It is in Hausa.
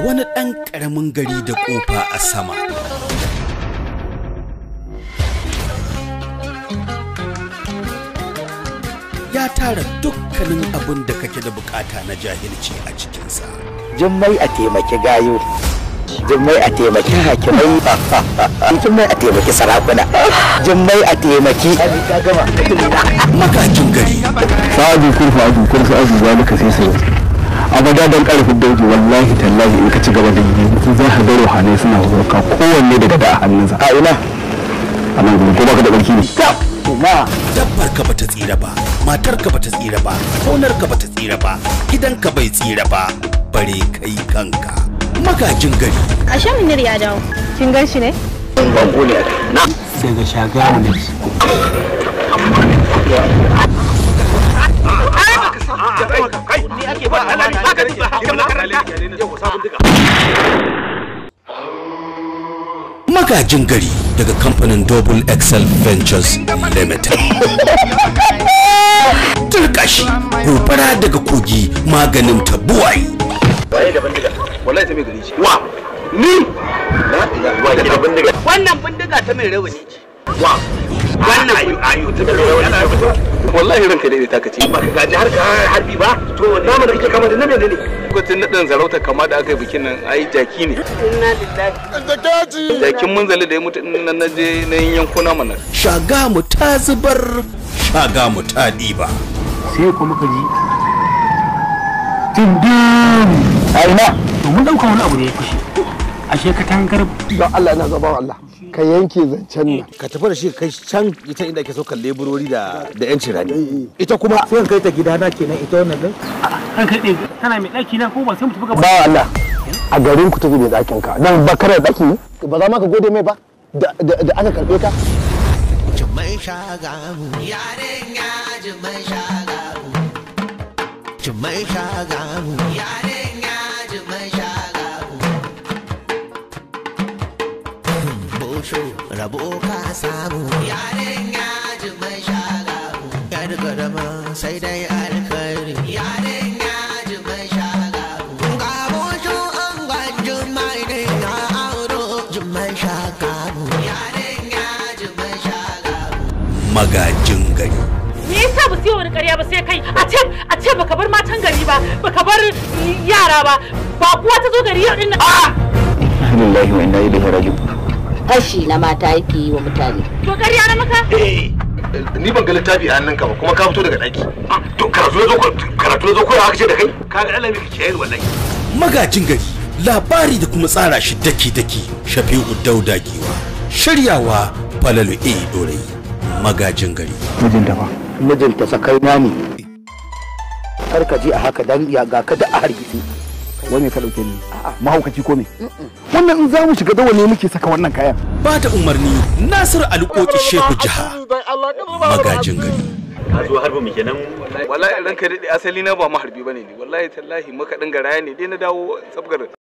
a wani ɗan ƙaramin gari da ƙofa a sama. Ya tara dukkanin abin da kake da bukata na jahilci a cikinsa. Jummai a taimaki gayo. Jummai a taimaki hakimai. Jummai a taimaki sarakuna. Jummai a taimaki. Makajin gari. Sa'adu kurfa adu kurfa adu zalika sai sai. a don karfin dauji wallahi tallahi in ka ci gaba da yi za ka ga ruhanai suna hurka kowanne daga da a hannunsa a ina a nan gudu ko baka da barki ne Kuma dabbar ka bata tsira ba matar ka bata tsira ba kaunar ka bata tsira ba gidan ka bai tsira ba bare kai kanka magajin gari a sha ya dawo kin gan shi ne ban ne na sai ga shagamu ne ka magajin gari daga kamfanin double xl ventures limited turkashi gobara daga kogi maganin tabuwai waye da bindiga wallahi ta mai gari ce wa ni na da bindiga wannan bindiga ta mai rawani ce wa wannan ayu ayu ta da yana fito wallahi ranka dai ta kace ba ka gaji har ka harbi ba to namu da kike kama da nabe ne lokacin nadin zarauta kama da aka yi bikin nan ai jaki ne inna lillahi zakati jakin munzali da ya mutu nan na je na yankuna mana shaga mu ta zubar shaga mu ta diba sai kuma ka ji tindin aina to mun dauka wani abu ne ya kashe ashe ka tangar don Allah na gaban Allah ka yanke zancen nan ka tafi da shi kai can ita inda ake saukar leburori da da yan cirani eh, eh. ita kuma sai kai ta gidana kenan ita wannan din kan kai din tana mai daki na ko ba sai mu tafi gaba ba Allah a garin ku tafi da dakin ka dan bakara daki ba za ma ka gode mai ba da da aka karbe ka jumai shagamu yaren ya jumai mu jumai shagamu yaren ya jumai shagamu kusho rabo ka samu yaren ya ji mai shagaru yar garama sai dai alkhairi yaren ya ji mai shagaru ga kusho an gwajin mai ne na auro ji mai shagaru yaren ya ji mai shagaru magajin gari me yasa ba sai wani ƙarya ba sai kai a ce a ce baka bar matan gari ba baka bar yara ba ba kuwa ta zo gari yau din nan a lillahi wa inna ilaihi raji'un fashi na mata yake yi wa mutane to ƙarya na maka eh ni ban ga littafi a hannunka ba kuma ka fito daga ɗaki ah, to karatu na zo karatu na zo koya haka ce da kai ka ga alami kake yayin wallahi magajin gari labari da kuma tsara shi daki-daki shafi'u dauda giwa shiryawa falalu e dorai magajin gari da ba sakai na ne kar ka je a haka dan ya ga ka da a hargitsi wani ka dauke ni mahaukaci ko me wannan in za mu shiga da ne muke saka wannan kayan ba ta umarni Nasiru Alƙoƙi Shehu Jaha magajin gari ka zo harbi mu kenan wallahi ranka dade asali na ba maharbi bane ne wallahi tallahi maka dinga ne dai na dawo sabgar